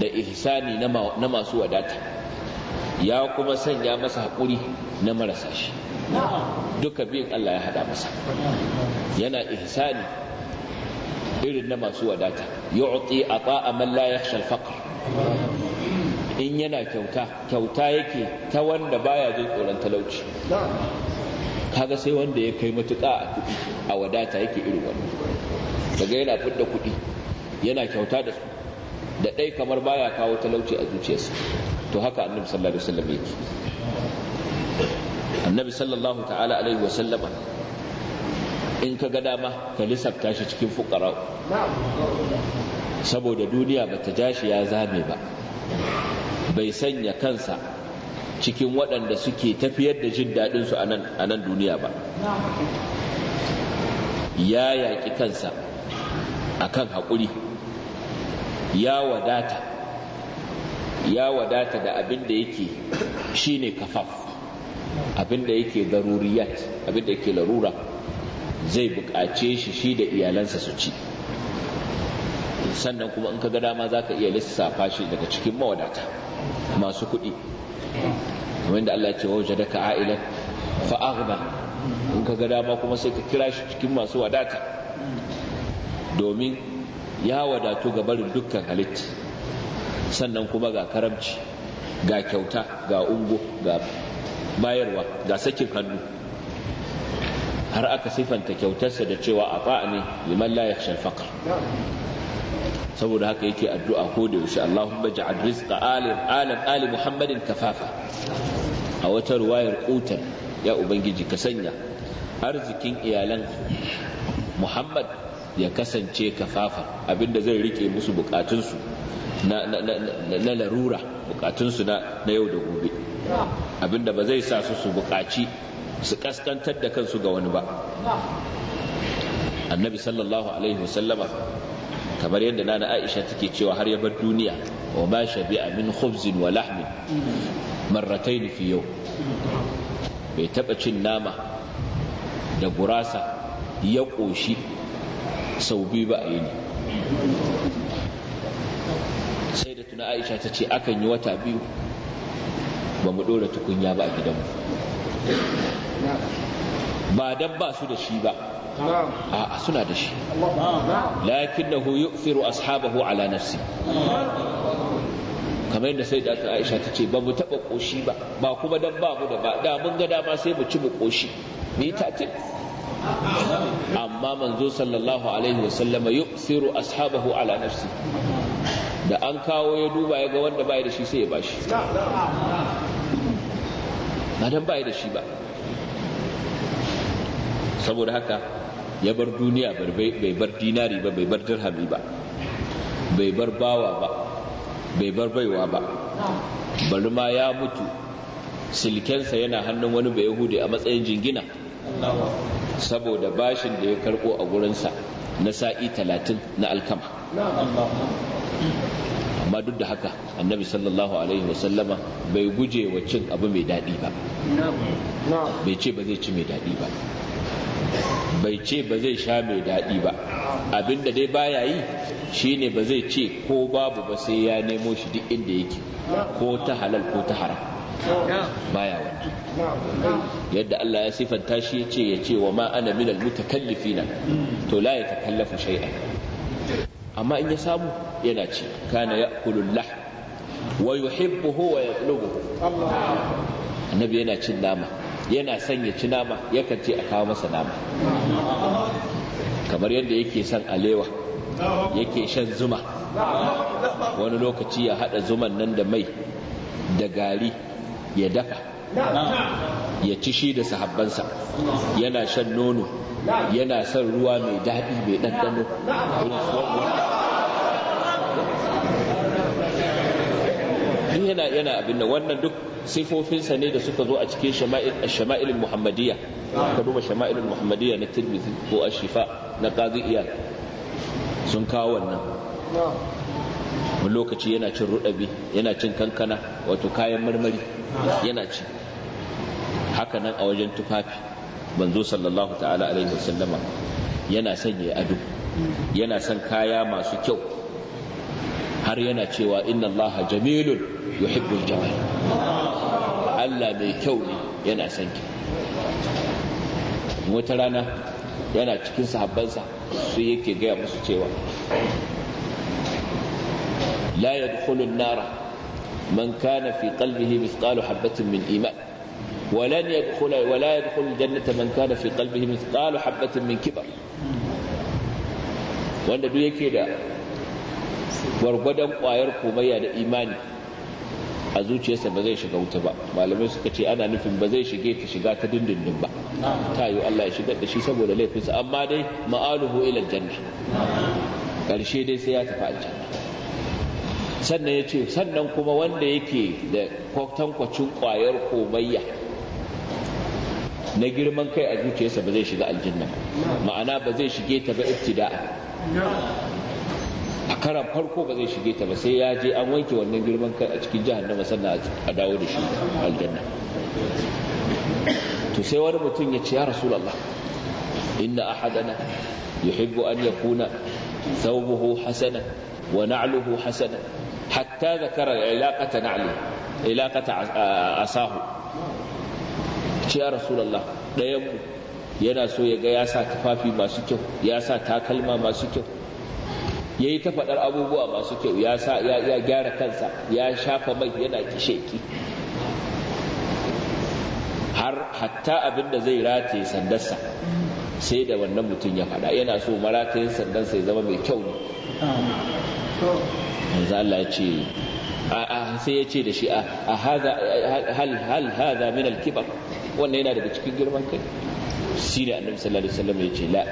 da ihsani na masu wadata ya kuma sanya masa haƙuri na marasa shi duka biyun Allah ya haɗa masa yana ihsani irin na masu wadata yu'ti ata'a man la yakhsha al in yana kyauta kyauta yake ta wanda baya jin tsoron talauci kaga sai wanda ya kai matuƙa a kuɗi a wadata yake irin wannan daga yana fidda kuɗi yana kyauta da su da ɗai kamar baya kawo talauci a zuciyarsa to haka annabi sallallahu alaihi wasallam yake annabi sallallahu ta'ala alaihi wasallama in ka ga dama ka lissafta shi cikin fuƙara saboda duniya bata ja shi ya zame ba bai sanya kansa cikin waɗanda suke tafiyar da jin daɗinsu a nan duniya ba ya yaƙi kansa a kan haƙuri ya wadata ya wadata da abin da yake ne kafaf abin da yake daruriyat abin da yake larura zai buƙace shi shi da iyalansa su ci sannan kuma in ka ga dama za ka iya lissafa shi daga cikin mawadata masu kuɗi wanda Allah ce wajen daga a'ilan fa'aghba in ka ga dama kuma sai ka kira shi cikin masu wadata domin ya wadatu ga barin dukkan halitta sannan kuma ga karamci ga kyauta ga ungo ga bayarwa ga sakin hannu har aka sifanta kyautarsa da cewa a ne liman la yakhsha saboda haka yake addu'a ko da yaushe Allahumma ja'al rizqa alim alim ali Muhammadin kafafa a wata ruwayar kutar ya ubangiji ka sanya arzikin iyalan Muhammad ya kasance kafafa abinda zai rike musu bukatunsu na, na, na, na larura bukatunsu na, na yau da gobe abinda ba zai sa su su bukaci su kaskantar da kansu ga wani ba annabi sallallahu alaihi wasallama kamar yadda nana aisha take cewa har ya bar duniya wa ma bi amin khubzin wa lahmin marratayn fi yau bai taba cin nama da gurasa ya koshi sau biyu ba a yi sai da tuna aisha ta ce akan yi wata biyu ba mu ɗora tukunya ba a gidanmu ba dan ba su da shi ba A'a, suna da shi lakinnahu yu'thiru ashabahu ala nafsi kamar yadda sai da Aisha ta ce ba mu taba koshi ba ba kuma dan ba mu da ba da mun ga dama sai mu ci mu koshi ni ta ce amma manzo sallallahu alaihi wasallama yu'thiru ashabahu ala nafsi da an kawo ya duba ya ga wanda bai da shi sai ya bashi Na dan bai da shi ba saboda haka ya bar duniya bai bar dinari ba bai bar dirhami ba bai bar bawa ba bai bar baiwa ba bari ma ya mutu silikensa yana hannun wani bai yahudi a matsayin jingina saboda bashin da ya karko a gurinsa na sa'i talatin na alkama amma duk da haka annabi sallallahu alaihi wasallama bai guje wa cin abu mai daɗi ba bai ce ba zai ci mai daɗi ba bai ce ba zai sha mai daɗi ba abinda dai baya yi shine ba zai ce ko babu ba sai ya nemo shi duk inda yake ko ta halal ko ta haram baya wani yadda Allah ya sifanta shi ya ce ya ce wa ma ana minal na to la ya takallafa shai'a amma in ya samu yana ci kana kulun lah wa yuhibbuhu wa yatlubuhu annabi yana cin nama yana son ya ci nama yakan ce a kawo masa nama kamar yadda yake son alewa yake shan zuma wani lokaci ya haɗa zuman nan da mai da gari ya dafa ya ci shi da sahabbansa yana shan nono yana son ruwa mai daɗi mai ɗanɗano yana yana abin nan wannan duk sifofinsa ne da suka zo a cikin shama'il shama'il muhammadiyya ka duba shama'il muhammadiyya na tirmidhi ko ashifa na qadi sun kawo wannan wani lokaci yana cin rudabi yana cin kankana wato kayan marmari yana ci haka nan a wajen tufafi manzo sallallahu ta'ala alaihi wasallama yana sanya ado yana son kaya masu kyau har yana cewa inna allaha jamilun yuhibbul jamal Allah mai kyau ne yana son ki wata rana yana cikin sahabbansa su yake gaya musu cewa la yadkhulun nara man kana fi qalbihi mithqalu habatin min iman ولن يدخل ولا يدخل الجنة من كان في قلبه مثقال حبة من كبر wanda duk yake da gwargwadon ƙwayar komayya da imani a zuciyarsa ba zai shiga wuta ba malamai suka ce ana nufin ba zai shige ta shiga ta dindindin ba ta yi Allah ya shigar da shi saboda laifinsa amma dai ma'aluhu ila janna karshe dai sai ya tafi aljanna sannan ya ce sannan kuma wanda yake da kwatankwacin ƙwayar komayya na girman kai a zuciyarsa ba zai shiga aljanna ma'ana ba zai shige ta ba ibtida'a karan farko ba zai shige ta ba sai ya je an wanke wannan girman kai a cikin jahannama sannan a dawo da shi aljanna to sai wani mutum ya ce ya rasulullah inna ahadana yuhibbu an yakuna thawbuhu hasana wa na'luhu hasana hatta zakara ilaqata na'li ilaqata asahu ce ya rasulullah dayan yana so ya ga ya sa tufafi masu kyau ya sa takalma masu kyau ya yi ta faɗar abubuwa masu kyau ya gyara kansa ya shafa mai yana kisheki har hatta abin da zai rataye sandarsa sai da wannan mutum ya faɗa yana so maratayin sandarsa ya zama mai kyau ne sai ya ce da shi a hal hal hada min alkibar wannan yana daga cikin girman kai shi ne annabi sallallahu alaihi wasallam ya ce la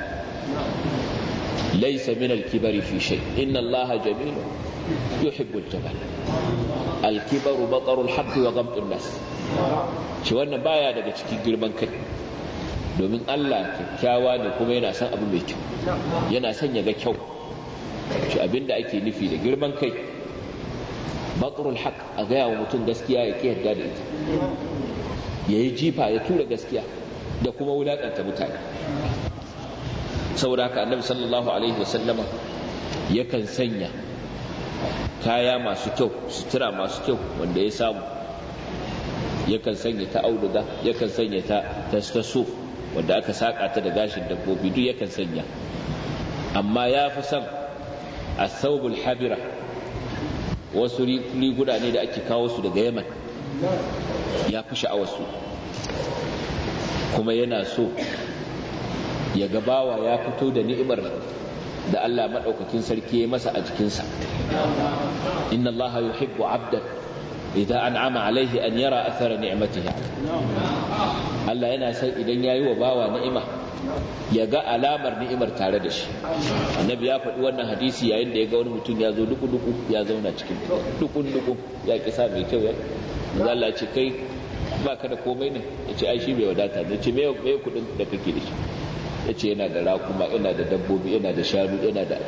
laysa min al fi shai, inna allaha jamilun yuhibbul jamal al-kibaru batarul wa ghamtun nas ce wannan baya daga cikin girman kai domin Allah kyakkyawa ne kuma yana son abu mai kyau yana son ya ga kyau shi abinda ake nufi da girman kai batrul haq a gaya wa mutum gaskiya ya ke yarda da ita ya yi jifa ya tura gaskiya da kuma wulaƙanta mutane saboda haka annabi sallallahu alaihi wasallama yakan sanya kaya masu kyau sutura masu kyau wanda ya samu yakan sanya ta auduga yakan sanya ta ta wanda aka saka ta da gashin dabbobi duk yakan sanya amma ya fi son asaubul habira wasu riguna ne da ake kawo su daga yaman ya fi sha'awarsu kuma yana so ya ga ya fito da ni'imar da Allah maɗaukakin sarki ya masa a jikinsa inna Allah yuhibbu abdan idza an'ama alaihi an yara athara ni'matihi Allah yana san idan yayi wa bawa ni'ima ya ga alamar ni'imar tare da shi annabi ya faɗi wannan hadisi yayin da ya ga wani mutum ya zo duku duku ya zauna cikin duku duku ya kisa mai kyau ya Allah ce kai ba ka da komai ne ya ce ai shi bai wadata ne ce me me kudin da kake da shi ya ce yana da rakuma yana da dabbobi yana da shanu yana da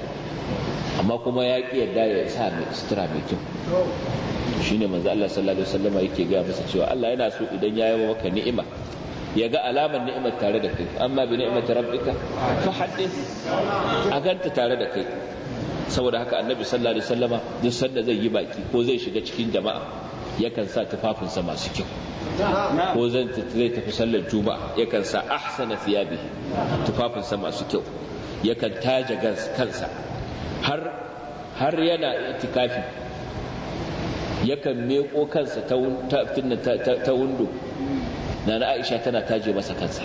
amma kuma ya ƙi yadda ya sa mai sutura mai kyau shi ne manzo Allah sallallahu alaihi wasallama yake gaya masa cewa Allah yana so idan ya yi maka ni'ima ya ga alamar ni'imar tare da kai amma bi ni'imar rabbika fa haddith a ganta tare da kai saboda haka annabi sallallahu alaihi wasallama duk sanda zai yi baki ko zai shiga cikin jama'a yakan sa tufafinsa masu kyau ko zan zai tafi sallar juma'a yakan sa ahsana thiyabihi tufafinsa masu kyau yakan taje kansa har har yana itikafi yakan meko kansa ta ta wundo na na Aisha tana taje masa kansa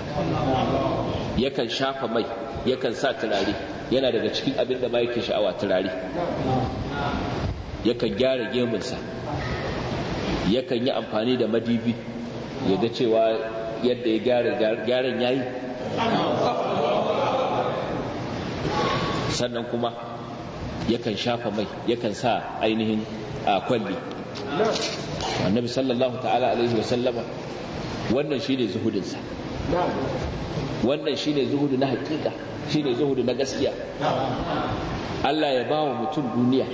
yakan shafa mai yakan sa turare yana daga cikin abin da ma yake sha'awa turare yakan gyara gemunsa yakan yi amfani da madibi ya ga cewa yadda ya gyara gyaran yayi sannan kuma yakan shafa mai yakan sa ainihin a kwalli annabi sallallahu ta'ala alaihi wa sallama wannan shine zuhudinsa wannan shine zuhudu na hakika shine zuhudu na gaskiya Allah ya ba wa mutum duniya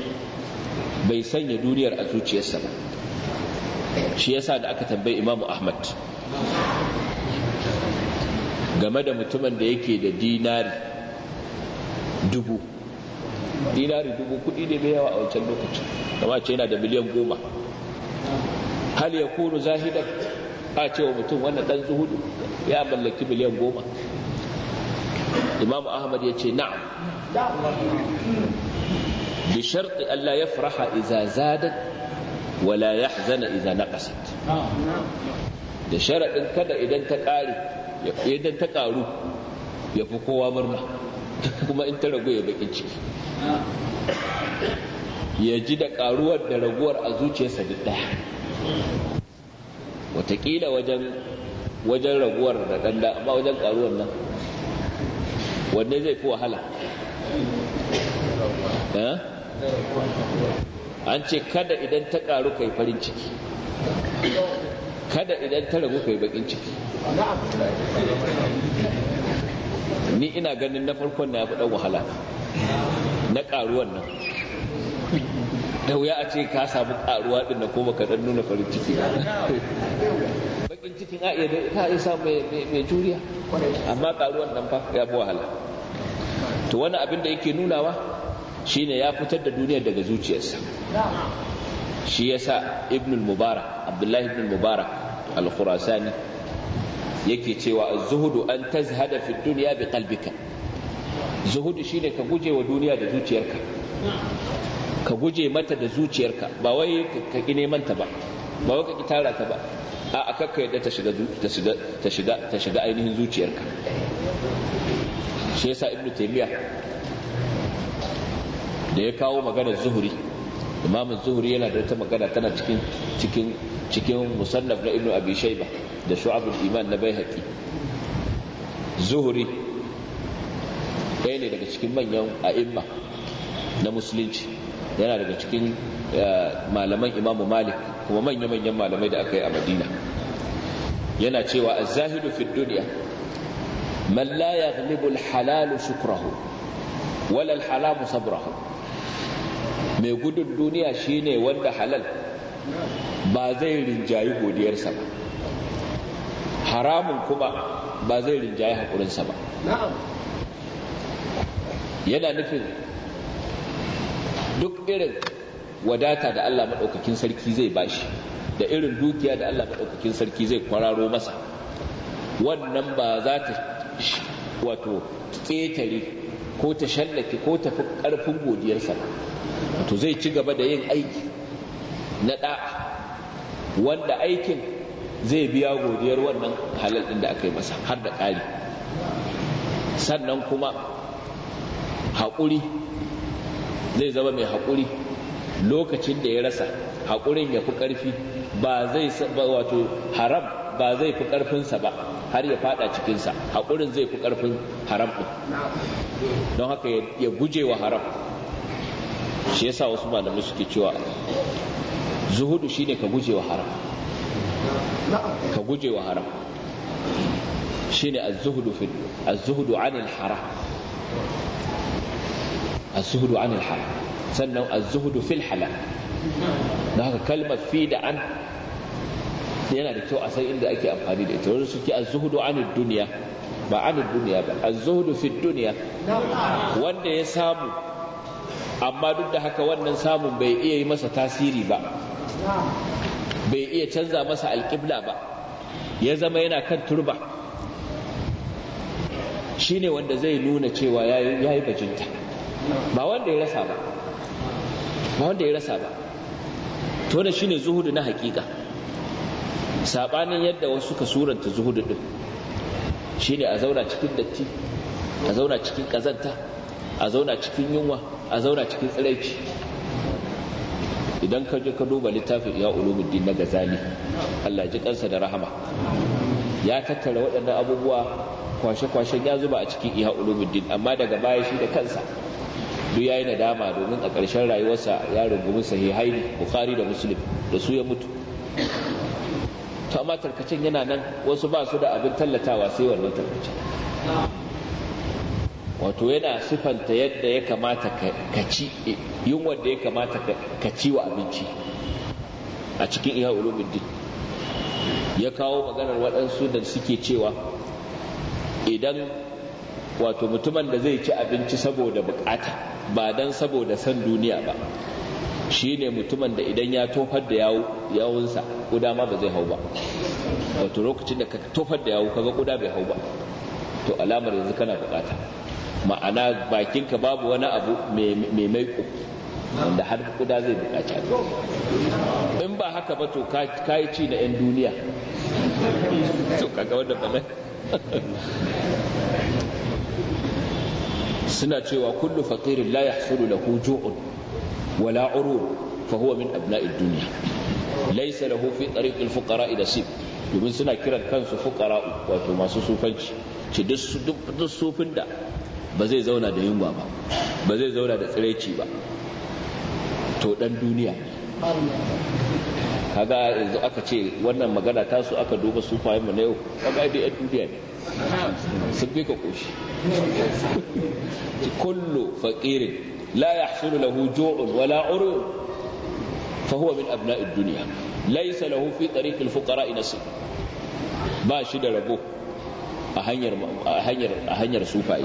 bai sanya duniyar a zuciyarsa ba shi yasa da aka tambayi imamu ahmad game da mutumin da yake da dinari dubu dinari dubu kudi ne mai yawa a wancan lokacin kama ce yana da miliyan goma hal ya kuru zahidan a cewa mutum wannan dan zuhudu ya mallaki miliyan goma imamu ahmad ya ce na'am bi sharti allah ya faraha iza zadat wala yahzana idza naqasat da sharaɗin kada idan ta kare idan ta karu ya fi kowa murna kuma in ta ragu ya bakin ciki ya ji da ƙaruwar da raguwar a zuciyarsa duk daya Wataƙila wajen wajen raguwar da danda amma wajen ƙaruwar nan wanne zai fi wahala eh? an ce kada idan ta karu kai farin ciki kada idan ta ragu kai bakin ciki ni ina ganin na farkon na fi dan wahala na karuwan nan da wuya a ce ka samu karuwa din na ko baka dan nuna farin ciki bakin cikin a iya ta iya mai juriya amma karuwan nan fa ya fi wahala to wani abin da yake nunawa shine ya fitar da duniyar daga zuciyarsa shi yasa Ibnul mubarak abdullahi Ibnul mubarak al-khurasani yake cewa az-zuhdu an tazhada fi dunya bi qalbika zuhudu shine ka guje wa duniya da zuciyarka ka guje mata da zuciyarka ba wai ka ki neman ta ba ba wai ka ki tara ta ba a aka ka yadda ta shiga ta shiga ta shiga ta shiga ainihin zuciyarka shi yasa ibnu taymiya da ya kawo maganar zuhuri imamun zuhuri yana da ta magana tana cikin cikin cikin musannaf na ibnu abi shayba da shu'abul iman na baihaqi zuhuri ɗaya ne daga cikin manyan a'imma na musulunci yana daga cikin eh, malaman imamu malik kuma manya-manyan malamai da aka yi a madina yana cewa azahidu fi duniya man la yaghlibu al-halal shukrahu wala al-haram sabrahu mai gudun duniya shine wanda halal ba zai rinjayi godiyarsa ba haramun kuma ba zai rinjayi haƙurinsa ba yana nufin duk irin wadata da Allah maɗaukakin sarki zai bashi da irin dukiya da Allah maɗaukakin sarki zai kwararo masa wannan ba za ta wato tsetare ko ta shallake ko ta fi ƙarfin godiyarsa ba to zai ci gaba da yin aiki na da'a wanda aikin zai biya godiyar wannan halal din da aka yi masa har da ƙari sannan kuma haƙuri zai zama mai haƙuri lokacin da ya rasa haƙurin ya fi ƙarfi ba zai wato haram ba zai fi ƙarfinsa ba har ya fada cikinsa haƙurin zai fi ƙarfin haram ɗin don haka ya guje wa haram shi yasa wasu malamai suke cewa zuhudu shine ka guje wa haram ka guje wa haram shine az-zuhdu fi az-zuhdu an al-haram az-zuhdu an al-haram sannan az-zuhdu fil halal da haka kalmar fi da an yana da kyau a san inda ake amfani da ita wani suke az-zuhdu an duniya ba an duniya ba az-zuhdu fi duniya wanda ya samu amma duk da haka wannan samun bai iya yi masa tasiri ba bai iya canza masa alƙibla ba ya zama yana kan turba shi ne wanda zai nuna cewa ya yi bajinta ba wanda ya rasa ba ba wanda ya rasa ba to da shi ne zuhudu na haƙiƙa saɓanin yadda wasu ka suranta zuhudu ɗin shi ne a zauna cikin datti a zauna cikin ƙazanta a zauna cikin yunwa a zauna cikin tsiraici idan ka je ka duba littafin ya ulumuddin na gazali Allah ji kansa da rahama ya tattara waɗannan abubuwa kwashe-kwashen ya zuba a cikin iya ulumuddin amma daga baya shi da kansa duk yayi nadama domin a ƙarshen rayuwarsa ya rungumi sahihaini bukhari da muslim da su ya mutu to amma tarkacen yana nan wasu ba su da abin tallatawa sai wannan tarkacen wato yana sifanta yadda ya kamata ka ci yunwar da ya kamata ka ci wa abinci a cikin iya ulumuddin ya kawo maganar waɗansu da suke cewa idan wato mutumin da zai ci abinci saboda bukata ba don saboda san duniya ba shi ne mutumin da idan ya tofar da yawunsa kuda ma ba zai hau ba wato lokacin da ka tofar da yawu kaga kuda bai hau ba to alamar yanzu kana bukata ma'ana bakinka babu wani abu mai maiko wanda har kuda zai bukaci in ba haka ba to ka yi ci na 'yan duniya to kaga wanda suna cewa kullu faqirin la yahsulu lahu ju'un wala urur fa huwa min abna'id dunya laysa lahu fi tariqil fuqara nasib domin suna kiran kansu fuqara wato masu sufanci ce duk sufin da ba zai zauna da yunwa ba ba zai zauna da tsiraici ba to dan duniya kaga yanzu aka ce wannan magana ta su aka duba su fahimu na yau kaga da duniya ne sun fi ka koshi kullu faqirin la yahsulu lahu ju'un wala uru fa huwa min abna'id dunya laysa lahu fi tariqil fuqara nasib ba shi da rabo a hanyar sufaye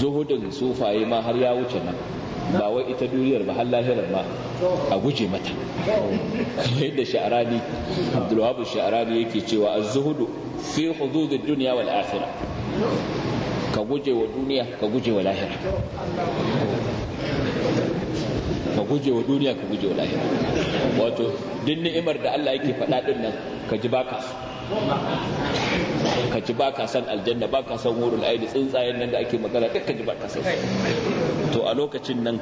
zuhudin sufaye ma har ya wuce nan ba wai ita duniyar ba har lahirar ma a guje mata kamar yadda sha'arani abdullawabu sha'arani yake cewa a zuhudu fi hudud da wal akhirah ka guje wa duniya ka guje wa lahira ka guje wa duniya ka guje wa lahira wato duk ni'imar da Allah yake faɗa din nan ka ji baka su ka ji ba san aljanna ,baka san wurin aini tsuntsayen nan da ake magana duk ka ji ba ka san to a lokacin nan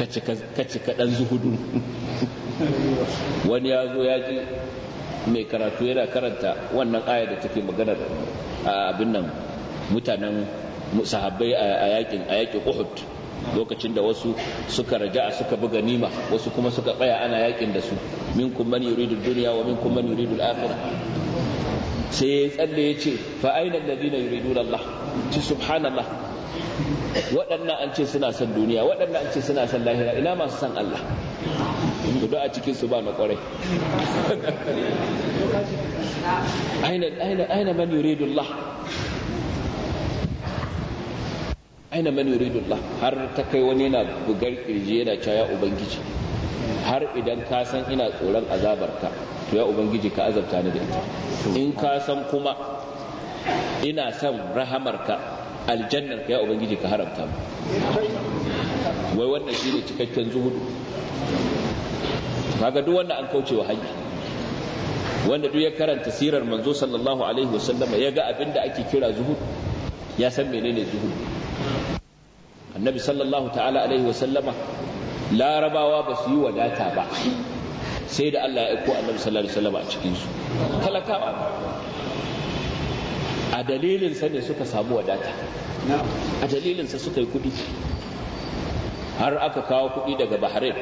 ka ci kaɗan zuhudu wani ya zo ya ji mai karatu yana karanta wannan aya da take maganar abin nan mutanen sahabbai a yakin a yakin Uhud lokacin da wasu suka raja suka buga nima wasu kuma suka tsaya ana yakin da su minkum man yuridu dunya wa minkum man yuridu al-akhirah sai ya tsalle ya ce fa aina alladhina yuriduna Allah ci subhanallah waɗannan an ce suna son duniya waɗannan an ce suna son lahira ina masu son Allah guda a cikin su ba na kwarai aina aina aina man yuridu Allah aina man yuridu Allah har ta kai wani yana bugar kirji yana caya ubangiji har idan ka san ina tsoron azabarka to ya ubangiji ka azabta ni da ita in ka san kuma ina son rahamarka aljannar ka ya ubangiji ka haramta mu wai wannan shine cikakken zuhudu kaga duk wannan an kauce wa hanya wanda duk ya karanta sirar manzo sallallahu alaihi wasallam ya ga abinda ake kira zuhud ya san menene zuhud annabi sallallahu ta'ala alaihi wasallama larabawa ba su yi wadata ba sai da Allah ya aiko annabi sallallahu alaihi a cikin su talakawa a dalilin sa ne suka samu wadata a dalilin sa suka yi kudi har aka kawo kudi daga Bahrain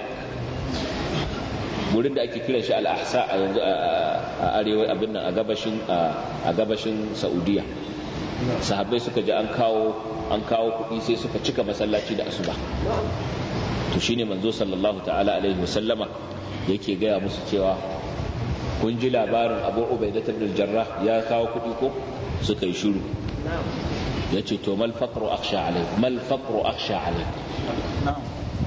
wurin da ake kiran shi al-ahsa a yanzu a arewa abin nan a gabashin a gabashin Saudiya sahabbai suka ji an kawo an kawo sai suka cika masallaci da asuba to shine manzo sallallahu ta'ala alaihi wasallama yake gaya musu cewa kun ji labarin abu ubaidat ibn jarrah ya kawo kuɗi ko suka yi shiru ya ce to mal faqru akhsha alai mal faqru akhsha alai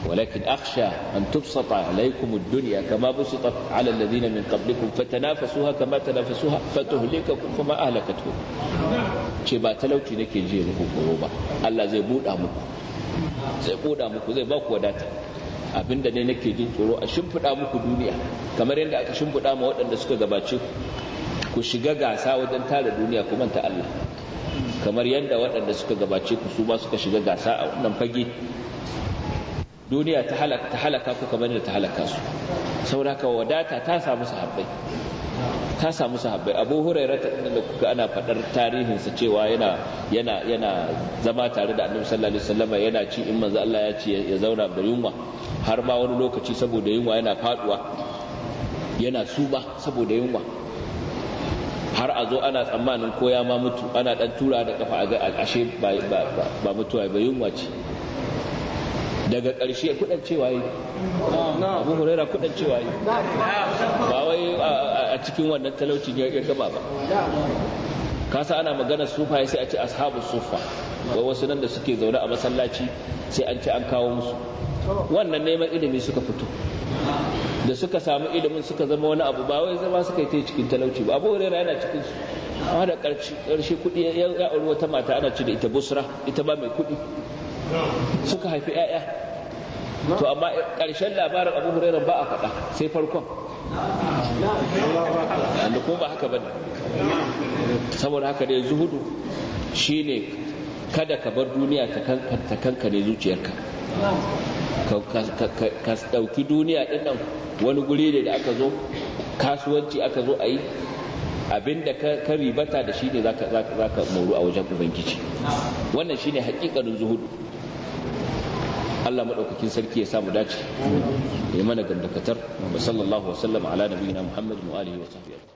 ولكن أخشى أن تبسط عليكم الدنيا كما بسطت على الذين من قبلكم فتنافسوها كما تنافسوها فتهلككم فما أهلكتكم ce ba talauci nake je muku koro ba Allah zai buɗa muku zai koda muku zai ba ku wadata abinda ne nake jin tsoro a shimfiɗa muku duniya kamar yadda aka shimfiɗa ma waɗanda suka gabace ku shiga gasa wajen tara duniya ku manta Allah kamar yadda waɗanda suka gabace ku su ma suka shiga gasa a wannan fage duniya ta halaka ku kamar yadda ta halaka su saboda wadata ta samu sahabbai ta samu sahabbai abu huraira ta da kuka ana faɗar tarihinsa cewa yana yana yana zama tare da annabi sallallahu alaihi wasallam yana ci in manzo Allah ya ce ya zauna da yunwa har ma wani lokaci saboda yunwa yana faduwa yana suba saboda yunwa har a zo ana tsammanin ko ya ma mutu ana dan tura da kafa a ashe ba mutuwa ba yunwa ce daga ƙarshe kudan cewa yi abu hurera kudan cewa yi ba wai a cikin wannan talauci ya gaba ba kasa ana magana sufa sai a ce ashabu sufa wai wasu nan da suke zaune a masallaci sai an ce an kawo musu wannan neman ilimi suka fito da suka samu ilimin suka zama wani abu ba wai zama suka yi ta cikin talauci ba abu hurairah yana cikin su amma da ƙarshe kuɗi ya auri wata mata ana ci da ita busra ita ba mai kuɗi suka haifi 'ya'ya to amma ƙarshen labarin abu hurairar ba a faɗa sai farkon da ko ba haka bane saboda haka dai zuhudu shine kada ka bar duniya ta kankane zuciyarka ka ɗauki duniya ɗin nan wani guri ne da aka zo kasuwanci aka zo ayi yi abinda ka ribata da shi ne za ka moru a wajen ubangiji wannan shine hakikanin zuhudu Allah madaukakin sarki ya samu dace ya mana gandakatar wa sallallahu wa sallama ala nabiyina muhammadin wa alihi wa sahbihi